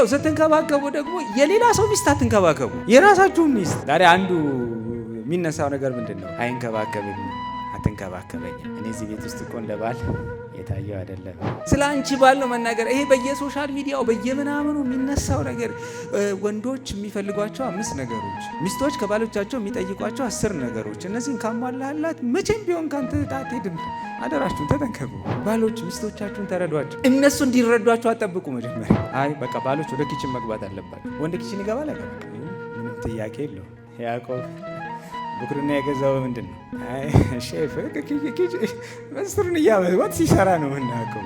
ያው ስትንከባከቡ ደግሞ የሌላ ሰው ሚስት አትንከባከቡ፣ የራሳችሁ ሚስት። ዛሬ አንዱ የሚነሳው ነገር ምንድን ነው? አይንከባከበኝ፣ አትንከባከበኝ። እኔ እዚህ ቤት ውስጥ እኮ እንደ የታየው አይደለም። ስለ አንቺ ባለው መናገር ይሄ በየሶሻል ሚዲያው በየምናምኑ የሚነሳው ነገር ወንዶች የሚፈልጓቸው አምስት ነገሮች፣ ሚስቶች ከባሎቻቸው የሚጠይቋቸው አስር ነገሮች፣ እነዚህን ካሟላላት መቼም ቢሆን ካንተ ጣት አደራችሁን ተጠንቀቁ። ባሎች ሚስቶቻችሁን ተረዷቸው፣ እነሱ እንዲረዷቸው አጠብቁ። መጀመሪያ አይ በቃ ባሎች ወደ ኪችን መግባት አለባቸው። ወንድ ኪችን ይገባል ምንም ጥያቄ የለውም። ያዕቆብ ብኩርና የገዛው ምንድን ነው? መስሩን እያበወት ሲሰራ ነው የምናውቀው።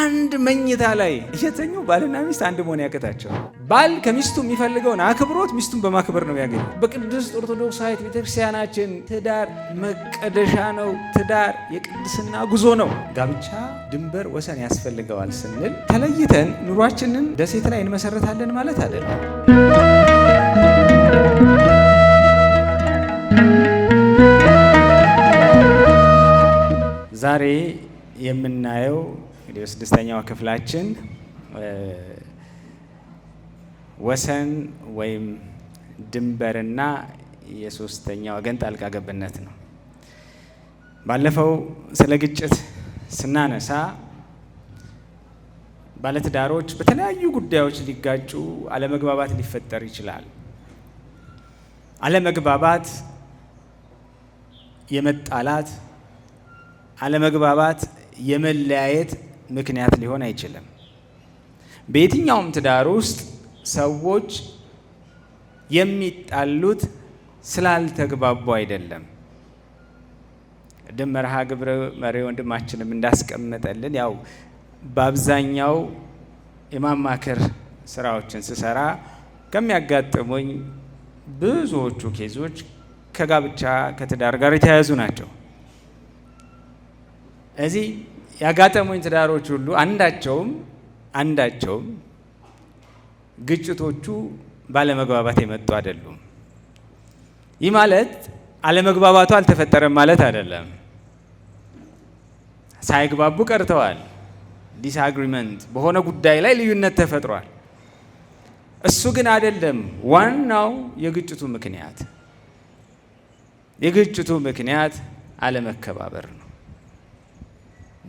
አንድ መኝታ ላይ እየተኙ ባልና ሚስት አንድ መሆን ያቀታቸው። ባል ከሚስቱ የሚፈልገውን አክብሮት ሚስቱን በማክበር ነው ያገኘ። በቅድስት ኦርቶዶክሳዊት ቤተክርስቲያናችን ትዳር መቀደሻ ነው። ትዳር የቅድስና ጉዞ ነው። ጋብቻ ድንበር ወሰን ያስፈልገዋል ስንል ተለይተን ኑሯችንን ደሴት ላይ እንመሰረታለን ማለት አይደለም። ዛሬ የምናየው እንግዲህ ስድስተኛው ክፍላችን ወሰን ወይም ድንበርና የሶስተኛ ወገን ጣልቃ ገብነት ነው። ባለፈው ስለ ግጭት ስናነሳ ባለትዳሮች በተለያዩ ጉዳዮች ሊጋጩ፣ አለመግባባት ሊፈጠር ይችላል። አለመግባባት የመጣላት አለመግባባት የመለያየት ምክንያት ሊሆን አይችልም። በየትኛውም ትዳር ውስጥ ሰዎች የሚጣሉት ስላልተግባቡ አይደለም። ቅድም መርሃ ግብረ መሪ ወንድማችንም እንዳስቀመጠልን ያው በአብዛኛው የማማከር ስራዎችን ስሰራ ከሚያጋጥሙኝ ብዙዎቹ ኬዞች ከጋብቻ ከትዳር ጋር የተያያዙ ናቸው። እዚህ ያጋጠሙኝ ትዳሮች ሁሉ አንዳቸውም አንዳቸውም ግጭቶቹ ባለመግባባት የመጡ አይደሉም። ይህ ማለት አለመግባባቱ አልተፈጠረም ማለት አይደለም። ሳይግባቡ ቀርተዋል። ዲስአግሪመንት በሆነ ጉዳይ ላይ ልዩነት ተፈጥሯል። እሱ ግን አይደለም ዋናው የግጭቱ ምክንያት። የግጭቱ ምክንያት አለመከባበር ነው።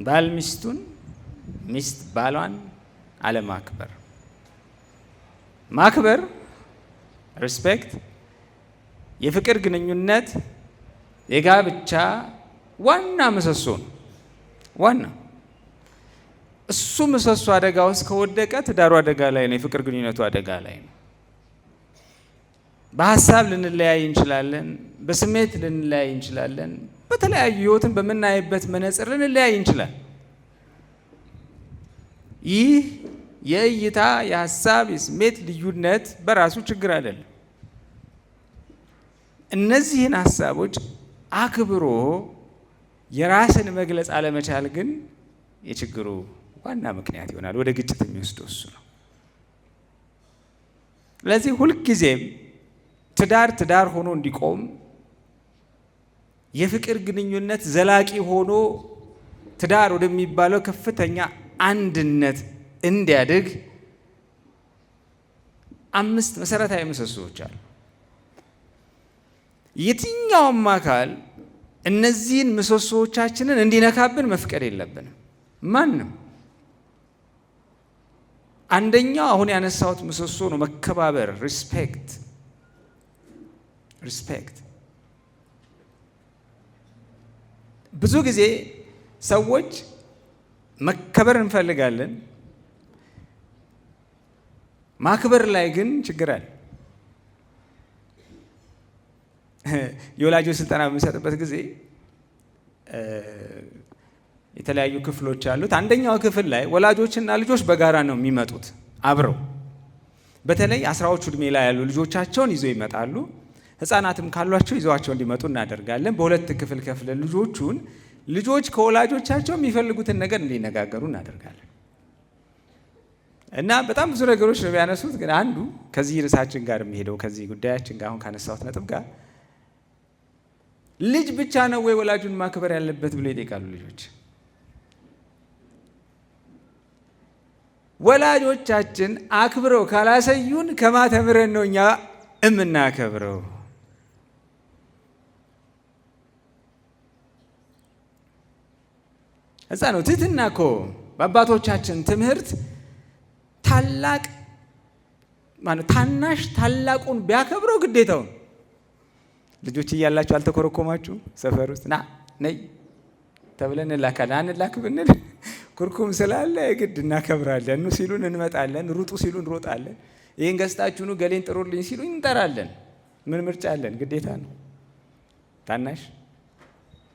ባል ሚስቱን፣ ሚስት ባሏን አለማክበር። ማክበር ሪስፔክት የፍቅር ግንኙነት የጋብቻ ዋና ምሰሶ ነው። ዋና እሱ ምሰሶ አደጋ ውስጥ ከወደቀ ትዳሩ አደጋ ላይ ነው። የፍቅር ግንኙነቱ አደጋ ላይ ነው። በሀሳብ ልንለያይ እንችላለን። በስሜት ልንለያይ እንችላለን። በተለያዩ ህይወትን በምናይበት መነጽር ልንለያይ እንችላል። ይህ የእይታ የሀሳብ የስሜት ልዩነት በራሱ ችግር አይደለም። እነዚህን ሀሳቦች አክብሮ የራስን መግለጽ አለመቻል ግን የችግሩ ዋና ምክንያት ይሆናል። ወደ ግጭት የሚወስደው እሱ ነው። ስለዚህ ሁልጊዜም ትዳር ትዳር ሆኖ እንዲቆም የፍቅር ግንኙነት ዘላቂ ሆኖ ትዳር ወደሚባለው ከፍተኛ አንድነት እንዲያድግ አምስት መሰረታዊ ምሰሶዎች አሉ። የትኛውም አካል እነዚህን ምሰሶዎቻችንን እንዲነካብን መፍቀድ የለብንም። ማንም አንደኛው አሁን ያነሳሁት ምሰሶ ነው። መከባበር ሪስፔክት ሪስፔክት ብዙ ጊዜ ሰዎች መከበር እንፈልጋለን፣ ማክበር ላይ ግን ችግር አለ። የወላጆች ስልጠና በሚሰጥበት ጊዜ የተለያዩ ክፍሎች አሉት። አንደኛው ክፍል ላይ ወላጆችና ልጆች በጋራ ነው የሚመጡት አብረው። በተለይ አስራዎቹ እድሜ ላይ ያሉ ልጆቻቸውን ይዘው ይመጣሉ። ህጻናትም ካሏቸው ይዘዋቸው እንዲመጡ እናደርጋለን። በሁለት ክፍል ከፍለን ልጆቹን ልጆች ከወላጆቻቸው የሚፈልጉትን ነገር እንዲነጋገሩ እናደርጋለን እና በጣም ብዙ ነገሮች ነው የሚያነሱት። ግን አንዱ ከዚህ ርዕሳችን ጋር የሚሄደው ከዚህ ጉዳያችን ጋር አሁን ካነሳሁት ነጥብ ጋር ልጅ ብቻ ነው ወይ ወላጁን ማክበር ያለበት ብሎ ይጠይቃሉ ልጆች። ወላጆቻችን አክብረው ካላሳዩን ከማተምረን ነው እኛ እምናከብረው እዛ ነው ትህትና እኮ በአባቶቻችን ትምህርት ታላቅ ማለት ታናሽ ታላቁን ቢያከብረው ግዴታውን። ልጆች እያላችሁ አልተኮረኮማችሁ ሰፈር ውስጥ ና ነይ ተብለን እንላካለን። አንላክ ብንል ኩርኩም ስላለ ግድ እናከብራለን። ኑ ሲሉን እንመጣለን፣ ሩጡ ሲሉ እንሮጣለን። ይህን ገዝታችሁ ገሌን ጥሩልኝ ሲሉ እንጠራለን። ምን ምርጫ አለን? ግዴታ ነው። ታናሽ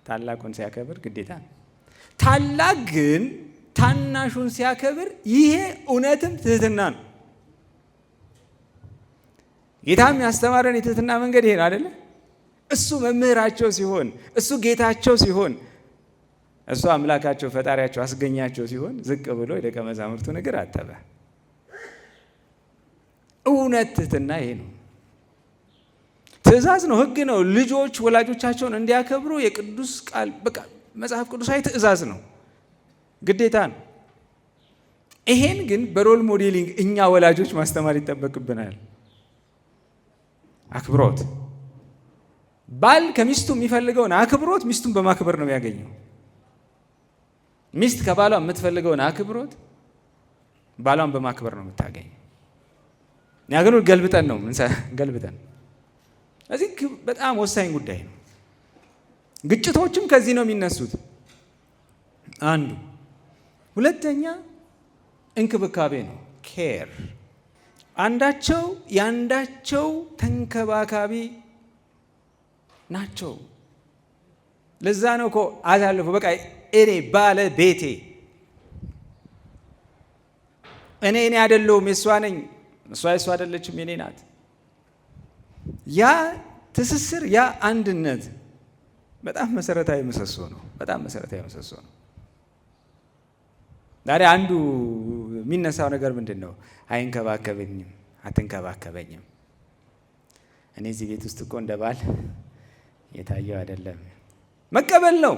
ታላቁን ሲያከብር ግዴታ ነው። ታላቅ ግን ታናሹን ሲያከብር ይሄ እውነትም ትህትና ነው። ጌታም ያስተማረን የትህትና መንገድ ይሄ ነው አደለ? እሱ መምህራቸው ሲሆን፣ እሱ ጌታቸው ሲሆን፣ እሱ አምላካቸው ፈጣሪያቸው አስገኛቸው ሲሆን ዝቅ ብሎ የደቀ መዛሙርቱን እግር አጠበ። እውነት ትህትና ይሄ ነው። ትእዛዝ ነው፣ ህግ ነው። ልጆች ወላጆቻቸውን እንዲያከብሩ የቅዱስ ቃል በቃ መጽሐፍ ቅዱሳዊ ትእዛዝ ነው፣ ግዴታ ነው። ይሄን ግን በሮል ሞዴሊንግ እኛ ወላጆች ማስተማር ይጠበቅብናል። አክብሮት ባል ከሚስቱ የሚፈልገውን አክብሮት ሚስቱን በማክበር ነው ያገኘው። ሚስት ከባሏ የምትፈልገውን አክብሮት ባሏን በማክበር ነው የምታገኝ። ያገኑ ገልብጠን ነው ገልብጠን። እዚህ በጣም ወሳኝ ጉዳይ ነው። ግጭቶችም ከዚህ ነው የሚነሱት። አንዱ ሁለተኛ እንክብካቤ ነው፣ ኬር አንዳቸው የአንዳቸው ተንከባካቢ ናቸው። ለዛ ነው እኮ አሳልፎ በቃ እኔ ባለ ቤቴ እኔ እኔ አይደለሁም የእሷ ነኝ፣ እሷ የእሷ አይደለችም፣ የኔ ናት። ያ ትስስር ያ አንድነት በጣም መሰረታዊ ምሰሶ ነው። በጣም መሰረታዊ ምሰሶ ነው። ዛሬ አንዱ የሚነሳው ነገር ምንድን ነው? አይንከባከበኝም፣ አትንከባከበኝም። እኔ እዚህ ቤት ውስጥ እኮ እንደ ባል የታየው አይደለም። መቀበል ነው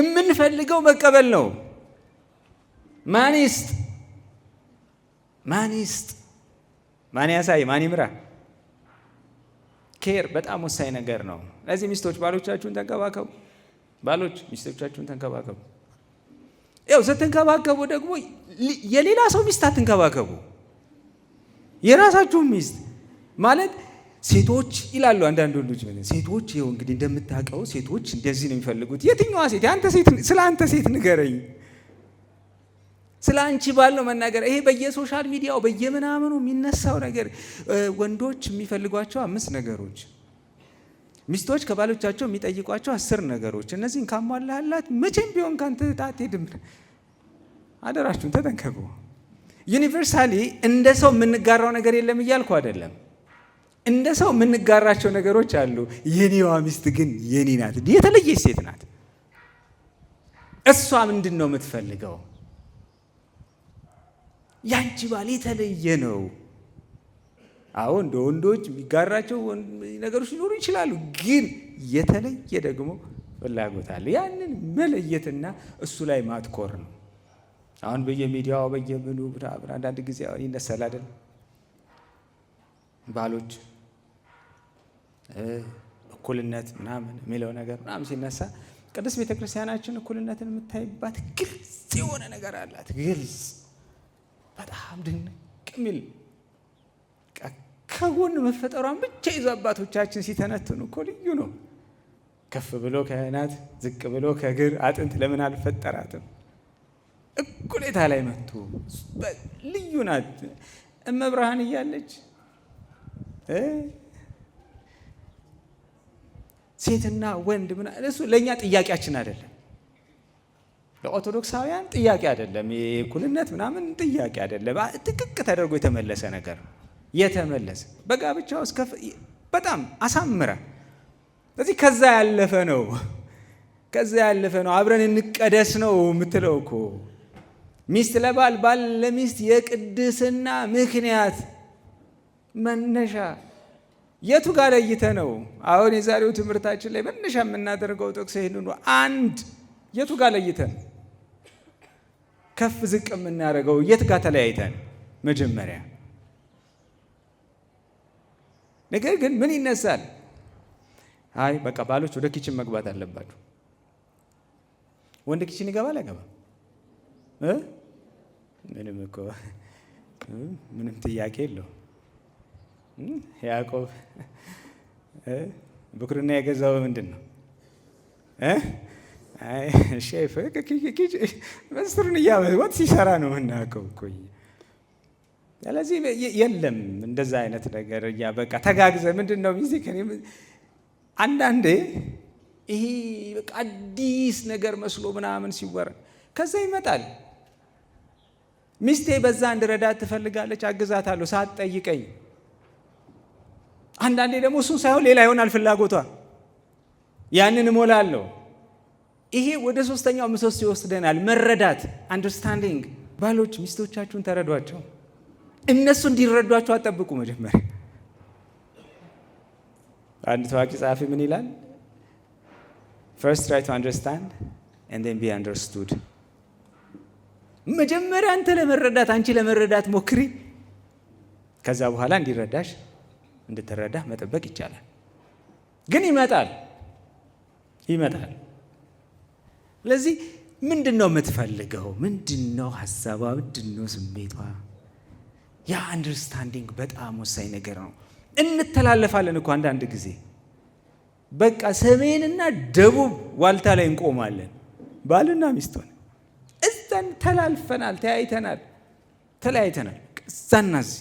የምንፈልገው፣ መቀበል ነው። ማን ይስጥ፣ ማን ይስጥ፣ ማን ያሳይ፣ ማን ይምራ ኬር በጣም ወሳኝ ነገር ነው። ለዚህ ሚስቶች ባሎቻችሁን ተንከባከቡ። ባሎች ሚስቶቻችሁን ተንከባከቡ። ያው ስትንከባከቡ ደግሞ የሌላ ሰው ሚስት አትንከባከቡ፣ የራሳችሁን ሚስት ማለት ሴቶች ይላሉ አንዳንድ ወንዶች ሴቶች ይኸው እንግዲህ እንደምታውቀው ሴቶች እንደዚህ ነው የሚፈልጉት። የትኛዋ ሴት? ስለ አንተ ሴት ንገረኝ ስለ አንቺ ባለው መናገር። ይሄ በየሶሻል ሚዲያው በየምናምኑ የሚነሳው ነገር ወንዶች የሚፈልጓቸው አምስት ነገሮች፣ ሚስቶች ከባሎቻቸው የሚጠይቋቸው አስር ነገሮች። እነዚህን ካሟላላት መቼም ቢሆን ካንተ ጣት ሄድም። አደራችሁን ተጠንቀቁ። ዩኒቨርሳሊ እንደ ሰው የምንጋራው ነገር የለም እያልኩ አይደለም። እንደ ሰው የምንጋራቸው ነገሮች አሉ። የኔዋ ሚስት ግን የኔ ናት፣ የተለየች ሴት ናት። እሷ ምንድን ነው የምትፈልገው? ያንቺ ባል የተለየ ነው። አዎ እንደ ወንዶች የሚጋራቸው ነገሮች ሊኖሩ ይችላሉ፣ ግን የተለየ ደግሞ ፍላጎት አለ። ያንን መለየትና እሱ ላይ ማትኮር ነው። አሁን በየሚዲያው በየምኑ አንዳንድ ጊዜ ይነሳል አይደል? ባሎች እኩልነት ምናምን የሚለው ነገር ምናምን ሲነሳ ቅድስት ቤተክርስቲያናችን እኩልነትን የምታይባት ግልጽ የሆነ ነገር አላት። ግልጽ በጣም ድንቅ የሚል ከጎን መፈጠሯን ብቻ ይዞ አባቶቻችን ሲተነትኑ እኮ ልዩ ነው። ከፍ ብሎ ከእናት ዝቅ ብሎ ከእግር አጥንት ለምን አልፈጠራትም? እኩሌታ ላይ መጥቶ ልዩ ናት። እመብርሃን እያለች ሴትና ወንድ ምና እሱ ለእኛ ጥያቄያችን አይደለም። ለኦርቶዶክሳውያን ጥያቄ አይደለም። የእኩልነት ምናምን ጥያቄ አይደለም። ጥቅቅ ተደርጎ የተመለሰ ነገር የተመለሰ በጋብቻ ውስጥ በጣም አሳምረ ስለዚህ ከዛ ያለፈ ነው፣ ከዛ ያለፈ ነው። አብረን እንቀደስ ነው የምትለው እኮ ሚስት ለባል ባል ለሚስት የቅድስና ምክንያት መነሻ የቱ ጋር ለይተ ነው? አሁን የዛሬው ትምህርታችን ላይ መነሻ የምናደርገው ጥቅስ ይህን አንድ የቱ ጋር ለይተ ነው? ከፍ ዝቅ የምናደርገው የት ጋር ተለያይተን መጀመሪያ። ነገር ግን ምን ይነሳል? አይ በቃ ባሎች ወደ ኪችን መግባት አለባችሁ። ወንድ ኪችን ይገባል አይገባም? ምንም እኮ ምንም ጥያቄ የለው። ያዕቆብ ብኩርና የገዛው ምንድን ነው? ምስጥሩን እያወጥ ሲሰራ ነው የምናውቀው እኮ። ስለዚህ የለም እንደዛ አይነት ነገር እኛ በቃ ተጋግዘ ምንድን ነው ሚዜ አንዳንዴ ይሄ በቃ አዲስ ነገር መስሎ ምናምን ሲወራ ከዛ ይመጣል። ሚስቴ በዛ እንድረዳት ትፈልጋለች፣ አግዛታለሁ ሳትጠይቀኝ። አንዳንዴ ደግሞ እሱን ሳይሆን ሌላ ይሆናል ፍላጎቷ፣ ያንን እሞላለሁ ይሄ ወደ ሶስተኛው ምሰሶ ይወስደናል። መረዳት አንደርስታንዲንግ። ባሎች ሚስቶቻችሁን ተረዷቸው። እነሱ እንዲረዷቸው አጠብቁ። መጀመሪያ አንድ ታዋቂ ጸሐፊ ምን ይላል? ፈርስት ትራይ ቱ አንደርስታንድ ኤንድ ቢ አንደርስቱድ። መጀመሪያ አንተ ለመረዳት አንቺ ለመረዳት ሞክሪ፣ ከዛ በኋላ እንዲረዳሽ እንድትረዳ መጠበቅ ይቻላል። ግን ይመጣል ይመጣል ስለዚህ ምንድን ነው የምትፈልገው? ምንድን ነው ሀሳቧ? ምንድን ነው ስሜቷ? ያ አንደርስታንዲንግ በጣም ወሳኝ ነገር ነው። እንተላለፋለን እኮ አንዳንድ ጊዜ በቃ ሰሜንና ደቡብ ዋልታ ላይ እንቆማለን። ባልና ሚስቶን እዛን ተላልፈናል፣ ተያይተናል፣ ተለያይተናል። እዛና እዚህ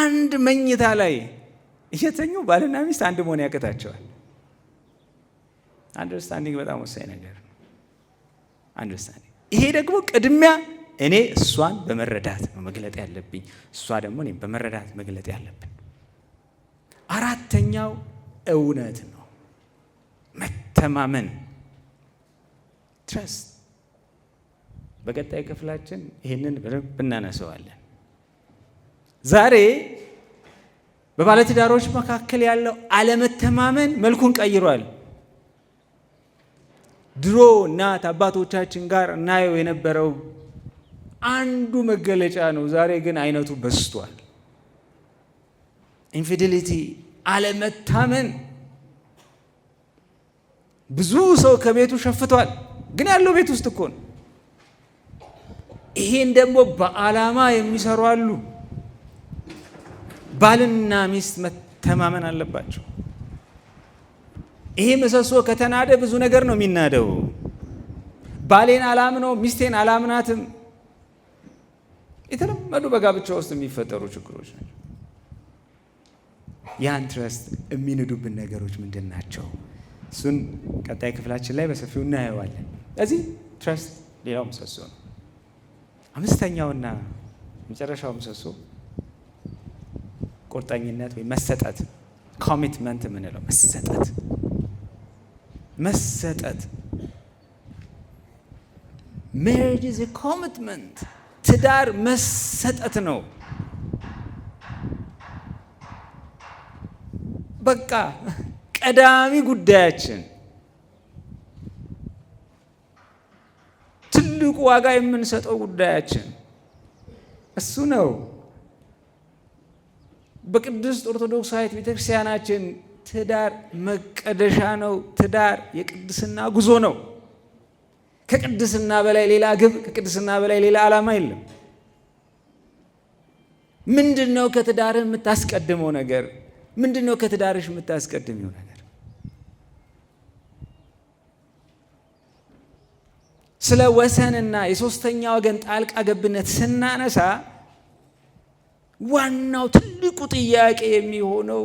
አንድ መኝታ ላይ እየተኙ ባልና ሚስት አንድ መሆን ያቅታቸዋል። አንደርስታንዲንግ በጣም ወሳኝ ነገር ነው። አንደርስታንዲንግ ይሄ ደግሞ ቅድሚያ እኔ እሷን በመረዳት ነው መግለጥ ያለብኝ፣ እሷ ደግሞ እኔ በመረዳት መግለጥ ያለብን። አራተኛው እውነት ነው፣ መተማመን ትረስት። በቀጣይ ክፍላችን ይህንን በደንብ እናነሰዋለን። ዛሬ በባለትዳሮች መካከል ያለው አለመተማመን መልኩን ቀይሯል። ድሮ እናት አባቶቻችን ጋር እናየው የነበረው አንዱ መገለጫ ነው። ዛሬ ግን አይነቱ በስቷል። ኢንፊዲሊቲ አለመታመን ብዙ ሰው ከቤቱ ሸፍቷል፣ ግን ያለው ቤት ውስጥ እኮ ነው። ይሄን ደግሞ በዓላማ የሚሰሩ አሉ። ባልና ሚስት መተማመን አለባቸው። ይሄ ምሰሶ ከተናደ ብዙ ነገር ነው የሚናደው። ባሌን አላምነው፣ ሚስቴን አላምናትም። የተለመዱ በጋብቻ ውስጥ የሚፈጠሩ ችግሮች ናቸው። ያን ትረስት የሚንዱብን ነገሮች ምንድን ናቸው? እሱን ቀጣይ ክፍላችን ላይ በሰፊው እናየዋለን። እዚህ ትረስት ሌላው ምሰሶ ነው። አምስተኛውና መጨረሻው ምሰሶ ቁርጠኝነት ወይም መሰጠት ኮሚትመንት የምንለው መሰጠት መሰጠት። ሜሪጅ ኢዝ ኮሚትመንት። ትዳር መሰጠት ነው። በቃ ቀዳሚ ጉዳያችን ትልቁ ዋጋ የምንሰጠው ጉዳያችን እሱ ነው። በቅድስት ኦርቶዶክሳዊት ቤተክርስቲያናችን ትዳር መቀደሻ ነው። ትዳር የቅድስና ጉዞ ነው። ከቅድስና በላይ ሌላ ግብ፣ ከቅድስና በላይ ሌላ ዓላማ የለም። ምንድን ነው ከትዳርህ የምታስቀድመው ነገር? ምንድን ነው ከትዳርሽ የምታስቀድሚው ነገር? ስለ ወሰንና የሶስተኛ ወገን ጣልቃ ገብነት ስናነሳ ዋናው ትልቁ ጥያቄ የሚሆነው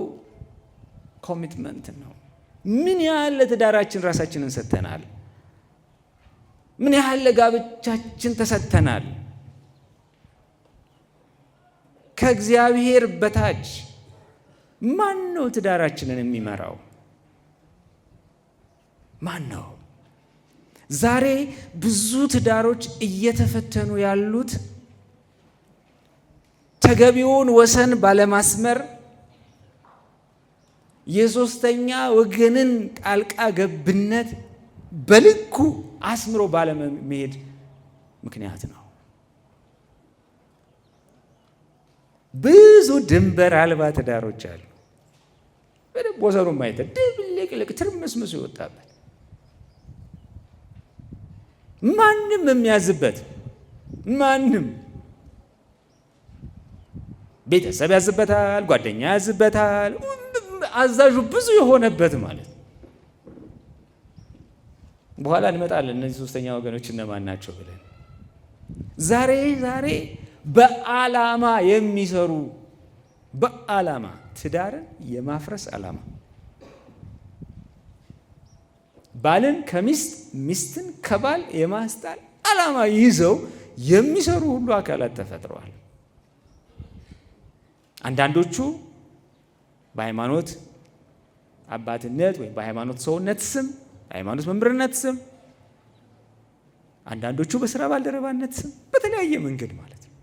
ኮሚትመንት ነው። ምን ያህል ለትዳራችን ራሳችንን ሰጥተናል? ምን ያህል ለጋብቻችን ተሰጥተናል? ከእግዚአብሔር በታች ማን ነው ትዳራችንን የሚመራው? ማን ነው? ዛሬ ብዙ ትዳሮች እየተፈተኑ ያሉት ተገቢውን ወሰን ባለማስመር የሶስተኛ ወገንን ጣልቃ ገብነት በልኩ አስምሮ ባለመሄድ ምክንያት ነው። ብዙ ድንበር አልባ ትዳሮች አሉ። በደንብ ወሰኑ ማየት ድብልቅልቅ ትርምስምሱ ይወጣበት ማንም የሚያዝበት ማንም ቤተሰብ ያዝበታል፣ ጓደኛ ያዝበታል። አዛዡ ብዙ የሆነበት ማለት በኋላ እንመጣለን። እነዚህ ሶስተኛ ወገኖች እነማን ናቸው ብለን ዛሬ ዛሬ በዓላማ የሚሰሩ በዓላማ ትዳርን የማፍረስ ዓላማ ባልን ከሚስት ሚስትን ከባል የማስጣል ዓላማ ይዘው የሚሰሩ ሁሉ አካላት ተፈጥረዋል። አንዳንዶቹ በሃይማኖት አባትነት ወይም በሃይማኖት ሰውነት ስም በሃይማኖት መምህርነት ስም አንዳንዶቹ በስራ ባልደረባነት ስም በተለያየ መንገድ ማለት ነው።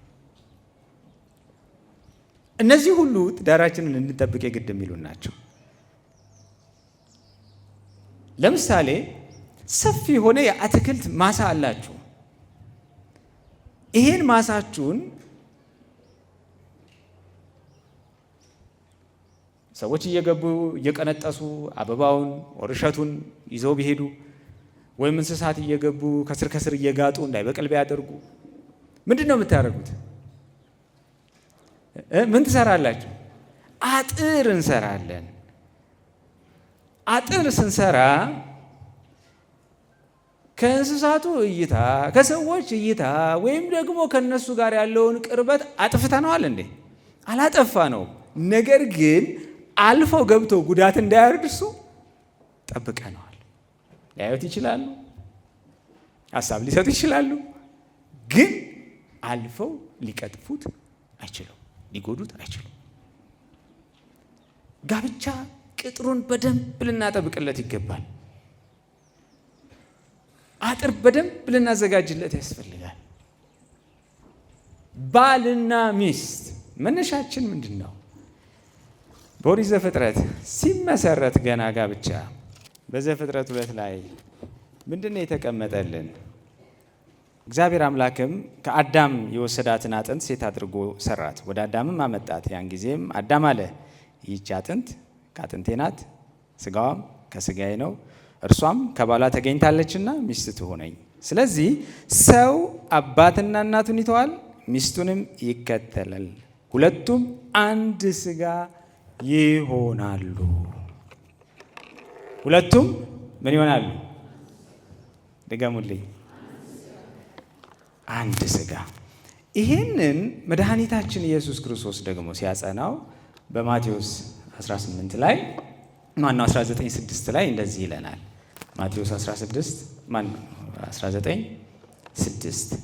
እነዚህ ሁሉ ትዳራችንን እንድንጠብቅ የግድ የሚሉን ናቸው። ለምሳሌ ሰፊ የሆነ የአትክልት ማሳ አላችሁ። ይሄን ማሳችሁን ሰዎች እየገቡ እየቀነጠሱ አበባውን ወርሸቱን ይዘው ቢሄዱ ወይም እንስሳት እየገቡ ከስር ከስር እየጋጡ እንዳይበቅል ቢያደርጉ ምንድን ነው የምታደርጉት? ምን ትሰራላችሁ? አጥር እንሰራለን። አጥር ስንሰራ ከእንስሳቱ እይታ፣ ከሰዎች እይታ ወይም ደግሞ ከእነሱ ጋር ያለውን ቅርበት አጥፍተነዋል እንዴ? አላጠፋ ነው። ነገር ግን አልፈው ገብቶ ጉዳት እንዳያደርግ እሱ ጠብቀነዋል። ሊያዩት ይችላሉ፣ ሀሳብ ሊሰጡ ይችላሉ፣ ግን አልፈው ሊቀጥፉት አይችሉም፣ ሊጎዱት አይችሉም። ጋብቻ ቅጥሩን በደንብ ልናጠብቅለት ይገባል። አጥር በደንብ ልናዘጋጅለት ያስፈልጋል። ባልና ሚስት መነሻችን ምንድን ነው? በኦሪት ዘፍጥረት ሲመሰረት ገና ጋብቻ በዘፍጥረት ሁለት ላይ ምንድን ነው የተቀመጠልን? እግዚአብሔር አምላክም ከአዳም የወሰዳትን አጥንት ሴት አድርጎ ሰራት፣ ወደ አዳምም አመጣት። ያን ጊዜም አዳም አለ ይህች አጥንት ከአጥንቴ ናት፣ ስጋዋም ከስጋዬ ነው፣ እርሷም ከባሏ ተገኝታለችና ሚስት ትሆነኝ። ስለዚህ ሰው አባትና እናቱን ይተዋል፣ ሚስቱንም ይከተላል፣ ሁለቱም አንድ ስጋ ይሆናሉ። ሁለቱም ምን ይሆናሉ? ድገሙልኝ። አንድ ስጋ። ይህንን መድኃኒታችን ኢየሱስ ክርስቶስ ደግሞ ሲያጸናው በማቴዎስ 18 ላይ ማነው 196 ላይ እንደዚህ ይለናል። ማቴዎስ 16 ማነው 19 6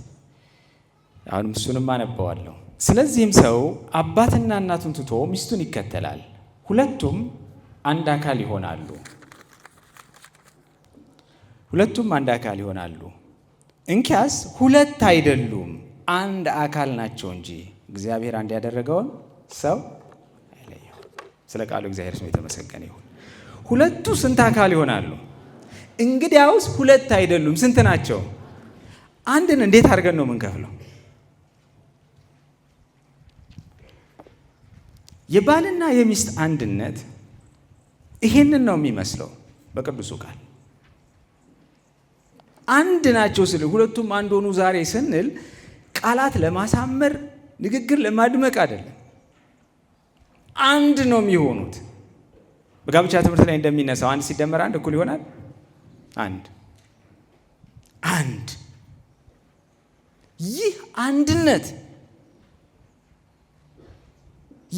አሁንም እሱንም አነበዋለሁ ስለዚህም ሰው አባትና እናቱን ትቶ ሚስቱን ይከተላል፣ ሁለቱም አንድ አካል ይሆናሉ። ሁለቱም አንድ አካል ይሆናሉ። እንኪያስ ሁለት አይደሉም አንድ አካል ናቸው እንጂ እግዚአብሔር አንድ ያደረገውን ሰው አይለየው። ስለ ቃሉ እግዚአብሔር ስም የተመሰገነ ይሁን። ሁለቱ ስንት አካል ይሆናሉ? እንግዲያውስ ሁለት አይደሉም ስንት ናቸው? አንድን እንዴት አድርገን ነው የምንከፍለው? የባልና የሚስት አንድነት ይሄንን ነው የሚመስለው በቅዱሱ ቃል አንድ ናቸው ስል ሁለቱም አንድ ሆኑ ዛሬ ስንል ቃላት ለማሳመር ንግግር ለማድመቅ አይደለም አንድ ነው የሚሆኑት በጋብቻ ትምህርት ላይ እንደሚነሳው አንድ ሲደመር አንድ እኩል ይሆናል አንድ አንድ ይህ አንድነት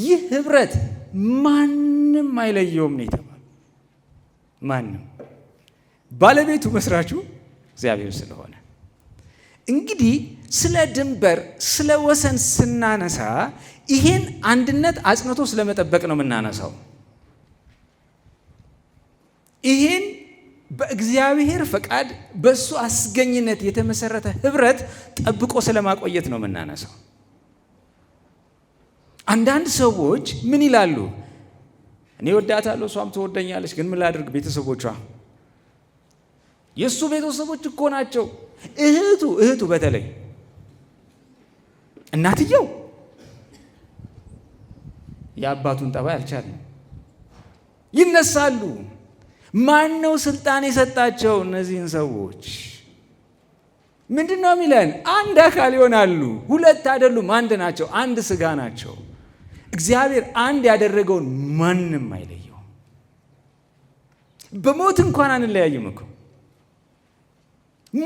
ይህ ህብረት ማንም አይለየውም ነው የተባለ። ማንም ባለቤቱ መስራቹ እግዚአብሔር ስለሆነ እንግዲህ ስለ ድንበር ስለ ወሰን ስናነሳ ይሄን አንድነት አጽንቶ ስለመጠበቅ ነው የምናነሳው። ይሄን በእግዚአብሔር ፈቃድ በእሱ አስገኝነት የተመሰረተ ህብረት ጠብቆ ስለማቆየት ነው የምናነሳው። አንዳንድ ሰዎች ምን ይላሉ? እኔ ወዳታለሁ፣ እሷም ትወደኛለች። ግን ምን ላድርግ? ቤተሰቦቿ የእሱ ቤተሰቦች እኮ ናቸው። እህቱ እህቱ በተለይ እናትየው የአባቱን ጠባይ አልቻለም። ይነሳሉ። ማን ነው ስልጣን የሰጣቸው እነዚህን ሰዎች? ምንድን ነው የሚለን? አንድ አካል ይሆናሉ። ሁለት አይደሉም፣ አንድ ናቸው። አንድ ስጋ ናቸው። እግዚአብሔር አንድ ያደረገውን ማንም አይለየው። በሞት እንኳን አንለያይም እኮ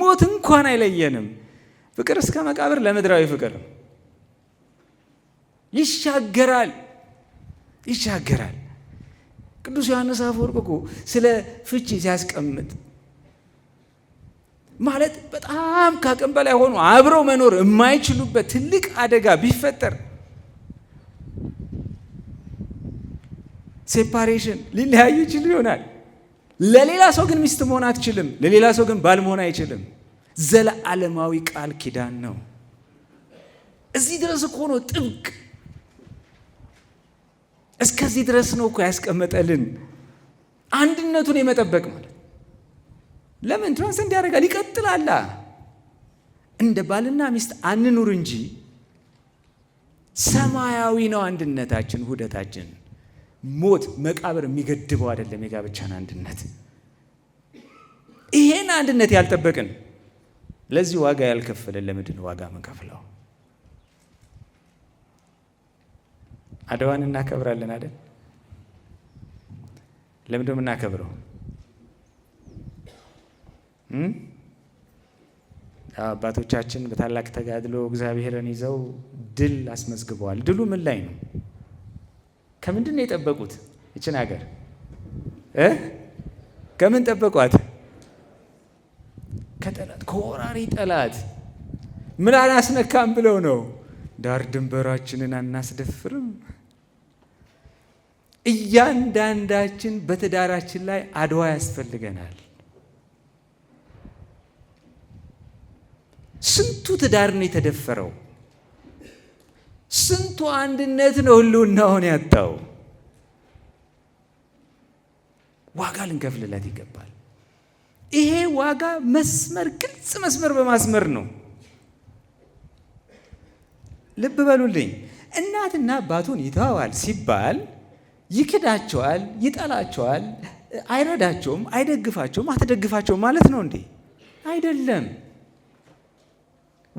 ሞት እንኳን አይለየንም። ፍቅር እስከ መቃብር ለምድራዊ ፍቅር ይሻገራል ይሻገራል። ቅዱስ ዮሐንስ አፈወርቅ እኮ ስለ ፍቺ ሲያስቀምጥ ማለት በጣም ከአቅም በላይ ሆኖ አብረው መኖር የማይችሉበት ትልቅ አደጋ ቢፈጠር ሴፓሬሽን ሊለያዩ ይችሉ ይሆናል። ለሌላ ሰው ግን ሚስት መሆን አትችልም። ለሌላ ሰው ግን ባል መሆን አይችልም። ዘለዓለማዊ ቃል ኪዳን ነው። እዚህ ድረስ እኮ ነው ጥብቅ፣ እስከዚህ ድረስ ነው እኮ ያስቀመጠልን አንድነቱን የመጠበቅ ማለት ለምን ትራንስ እንዲያደርጋል ይቀጥላላ። እንደ ባልና ሚስት አንኑር እንጂ ሰማያዊ ነው አንድነታችን፣ ውህደታችን። ሞት፣ መቃብር የሚገድበው አይደለም የጋብቻን አንድነት። ይሄን አንድነት ያልጠበቅን ለዚህ ዋጋ ያልከፈለን ለምንድን ዋጋ ምንከፍለው? አድዋን እናከብራለን አይደል? ለምንድን ነው የምናከብረው? አባቶቻችን በታላቅ ተጋድሎ እግዚአብሔርን ይዘው ድል አስመዝግበዋል። ድሉ ምን ላይ ነው? ከምንድን ነው የጠበቁት? እችን ሀገር ከምን ጠበቋት? ከጠላት ከወራሪ ጠላት። ምን አናስነካም ብለው ነው ዳር ድንበራችንን አናስደፍርም። እያንዳንዳችን በትዳራችን ላይ አድዋ ያስፈልገናል። ስንቱ ትዳር ነው የተደፈረው? ስንቱ አንድነት ነው ህልውናውን ያጣው። ዋጋ ልንከፍልለት ይገባል። ይሄ ዋጋ መስመር ግልጽ መስመር በማስመር ነው። ልብ በሉልኝ። እናትና አባቱን ይተዋል ሲባል ይክዳቸዋል፣ ይጠላቸዋል፣ አይረዳቸውም፣ አይደግፋቸውም፣ አትደግፋቸውም ማለት ነው እንዴ? አይደለም።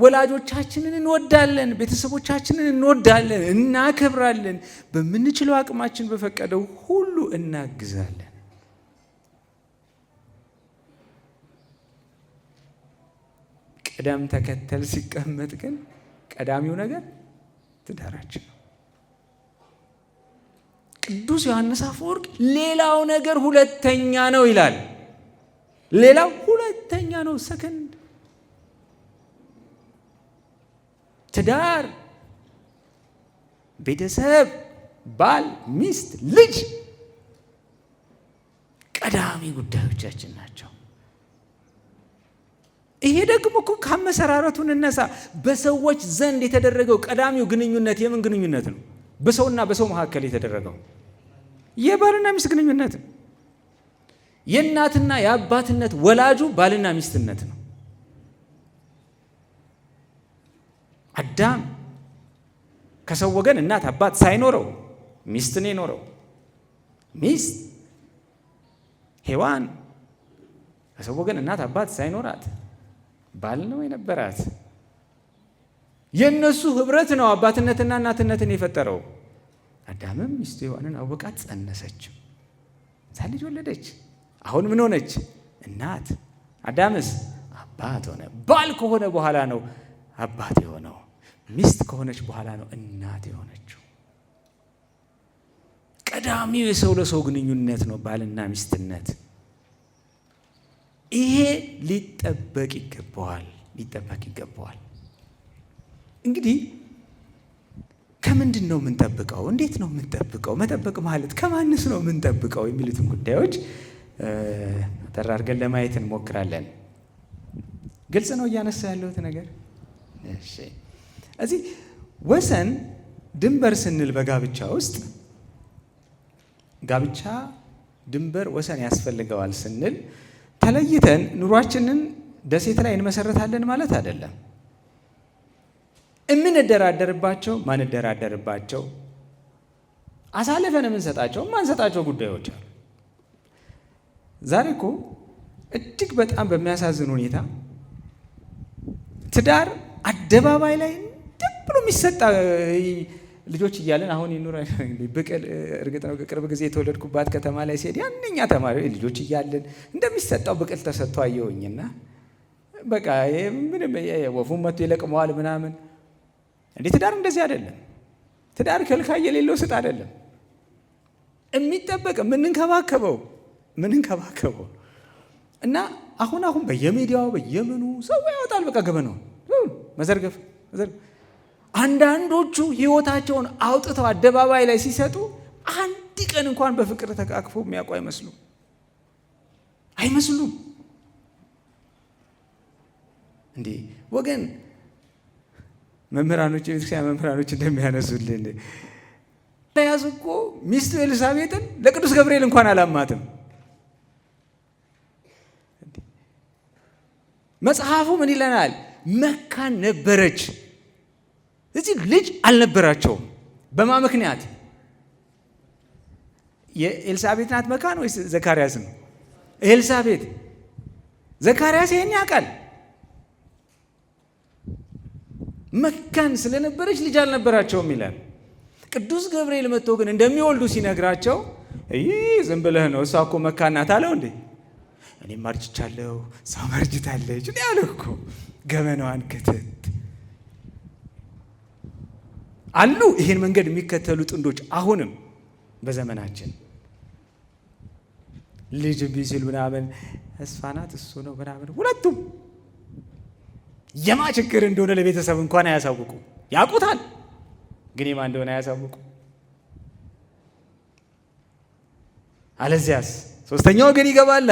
ወላጆቻችንን እንወዳለን፣ ቤተሰቦቻችንን እንወዳለን፣ እናከብራለን። በምንችለው አቅማችን በፈቀደው ሁሉ እናግዛለን። ቅደም ተከተል ሲቀመጥ ግን ቀዳሚው ነገር ትዳራችን ነው። ቅዱስ ዮሐንስ አፈወርቅ ሌላው ነገር ሁለተኛ ነው ይላል። ሌላው ሁለተኛ ነው ሰከንድ ትዳር፣ ቤተሰብ፣ ባል፣ ሚስት፣ ልጅ ቀዳሚ ጉዳዮቻችን ናቸው። ይሄ ደግሞ እኮ ከአመሰራረቱ እንነሳ። በሰዎች ዘንድ የተደረገው ቀዳሚው ግንኙነት የምን ግንኙነት ነው? በሰውና በሰው መካከል የተደረገው የባልና ሚስት ግንኙነት ነው። የእናትና የአባትነት ወላጁ ባልና ሚስትነት ነው። አዳም ከሰው ወገን እናት አባት ሳይኖረው ሚስት ነው የኖረው ሚስት ሔዋን ከሰው ወገን እናት አባት ሳይኖራት ባል ነው የነበራት። የእነሱ ህብረት ነው አባትነትና እናትነትን የፈጠረው። አዳምም ሚስቱ ሔዋንን አወቃት፣ ጸነሰች፣ እዛ ልጅ ወለደች። አሁን ምን ሆነች? እናት። አዳምስ አባት ሆነ። ባል ከሆነ በኋላ ነው አባት የሆነው። ሚስት ከሆነች በኋላ ነው እናት የሆነችው። ቀዳሚው የሰው ለሰው ግንኙነት ነው ባልና ሚስትነት። ይሄ ሊጠበቅ ይገባዋል፣ ሊጠበቅ ይገባዋል። እንግዲህ ከምንድን ነው የምንጠብቀው? እንዴት ነው የምንጠብቀው? መጠበቅ ማለት ከማንስ ነው የምንጠብቀው? የሚሉትን ጉዳዮች አጠር ለማየት እንሞክራለን። ግልጽ ነው እያነሳ ያለሁት ነገር? እሺ እዚህ ወሰን ድንበር ስንል በጋብቻ ውስጥ ጋብቻ ድንበር ወሰን ያስፈልገዋል ስንል ተለይተን ኑሯችንን ደሴት ላይ እንመሰረታለን ማለት አይደለም። እምንደራደርባቸው ማንደራደርባቸው አሳልፈን የምንሰጣቸው ማንሰጣቸው ጉዳዮች አሉ። ዛሬ እኮ እጅግ በጣም በሚያሳዝን ሁኔታ ትዳር አደባባይ ላይ ብሎ የሚሰጣ ልጆች እያለን አሁን ይኑረ ብቅል እርግጥ ነው ቅርብ ጊዜ የተወለድኩባት ከተማ ላይ ሲሄድ ያንኛ ተማሪ ልጆች እያለን እንደሚሰጠው ብቅል ተሰጥቶ አየሁኝና በቃ ምንም ወፉን መቶ ይለቅመዋል ምናምን። እንዴ ትዳር እንደዚህ አይደለም። ትዳር ከልካይ የሌለው ስጥ አይደለም። የሚጠበቅ ምንንከባከበው ምንንከባከበው እና አሁን አሁን በየሚዲያው በየምኑ ሰው ያወጣል። በቃ ገበነው መዘርገፍ መዘርገፍ አንዳንዶቹ ህይወታቸውን አውጥተው አደባባይ ላይ ሲሰጡ አንድ ቀን እንኳን በፍቅር ተቃቅፎ የሚያውቁ አይመስሉም አይመስሉም። እንዴ ወገን መምህራኖች፣ የቤተክርስቲያን መምህራኖች እንደሚያነሱልን ተያዙ እኮ ሚስቱ ኤልሳቤጥን ለቅዱስ ገብርኤል እንኳን አላማትም። መጽሐፉ ምን ይለናል? መካን ነበረች እዚህ ልጅ አልነበራቸውም። በማ ምክንያት የኤልሳቤት ናት መካን ወይስ ዘካርያስ ነው? ኤልሳቤት። ዘካርያስ ይሄን ያውቃል። መካን ስለነበረች ልጅ አልነበራቸውም ይላል። ቅዱስ ገብርኤል መጥቶ ግን እንደሚወልዱ ሲነግራቸው ይ ዝም ብለህ ነው፣ እሷ እኮ መካን ናት አለው። እንዴ እኔም አርጅቻለሁ፣ ሰው አርጅታለች ያለ እኮ ገመናዋን አሉ ይህን መንገድ የሚከተሉ ጥንዶች አሁንም በዘመናችን ልጅ እምቢ ምናምን ተስፋ እሱ ነው ምናምን ሁለቱም የማ ችግር እንደሆነ ለቤተሰብ እንኳን አያሳውቁ። ያውቁታል፣ ግን የማ እንደሆነ አያሳውቁ። አለዚያስ ሶስተኛው ግን ይገባል።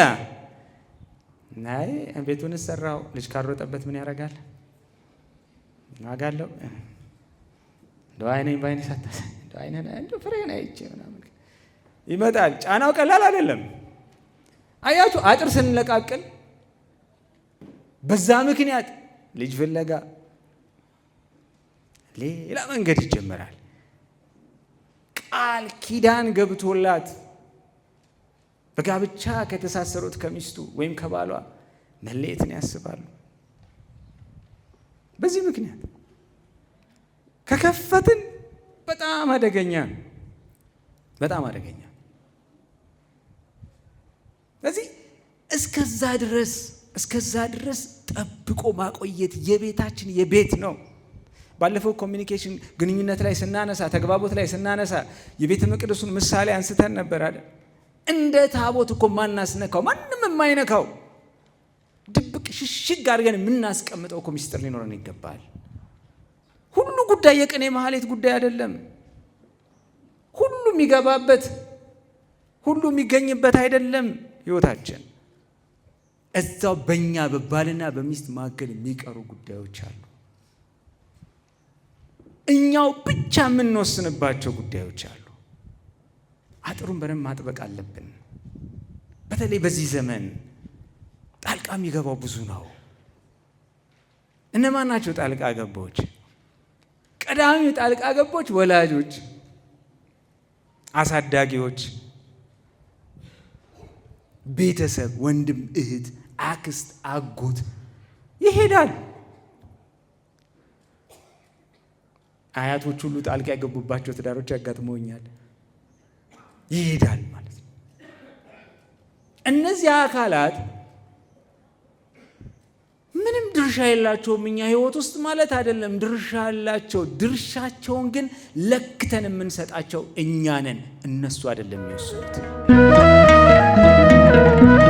ናይ ቤቱን ሰራው ልጅ ካልሮጠበት ምን ያደርጋል? ዋጋ እንደው አይነኝ በአይነ ሳታሳይ እንደው አይነ እንደው ፍሬን አይቼ ምናምን ይመጣል። ጫናው ቀላል አይደለም። አያችሁ አጥር ስንለቃቅል በዛ ምክንያት ልጅ ፍለጋ ሌላ መንገድ ይጀመራል። ቃል ኪዳን ገብቶላት በጋብቻ ከተሳሰሩት ከሚስቱ ወይም ከባሏ መለየትን ያስባሉ። በዚህ ምክንያት ከከፈትን በጣም አደገኛ ነው። በጣም አደገኛ ስለዚህ እስከዛ ድረስ እስከዛ ድረስ ጠብቆ ማቆየት የቤታችን የቤት ነው። ባለፈው ኮሚኒኬሽን ግንኙነት ላይ ስናነሳ ተግባቦት ላይ ስናነሳ የቤተ መቅደሱን ምሳሌ አንስተን ነበር አለ። እንደ ታቦት እኮ ማናስነካው ማንም የማይነካው ድብቅ ሽሽግ አድርገን የምናስቀምጠው እኮ ሚስጥር ሊኖረን ይገባል። ሁሉ ጉዳይ የቅኔ ማህሌት ጉዳይ አይደለም። ሁሉ የሚገባበት ሁሉ የሚገኝበት አይደለም። ህይወታችን እዛው በእኛ በባልና በሚስት መካከል የሚቀሩ ጉዳዮች አሉ። እኛው ብቻ የምንወስንባቸው ጉዳዮች አሉ። አጥሩን በደንብ ማጥበቅ አለብን። በተለይ በዚህ ዘመን ጣልቃ የሚገባው ብዙ ነው። እነማን ናቸው ጣልቃ ገባዎች? ቀዳሚ ጣልቃ ገቦች ወላጆች፣ አሳዳጊዎች፣ ቤተሰብ፣ ወንድም፣ እህት፣ አክስት፣ አጎት ይሄዳል። አያቶች ሁሉ ጣልቃ የገቡባቸው ትዳሮች ያጋጥመውኛል። ይሄዳል ማለት ነው። እነዚህ አካላት ምንም ድርሻ የላቸውም እኛ ህይወት ውስጥ ማለት አይደለም። ድርሻ ያላቸው ድርሻቸውን ግን ለክተን የምንሰጣቸው እኛ ነን፣ እነሱ አይደለም የሚወስኑት።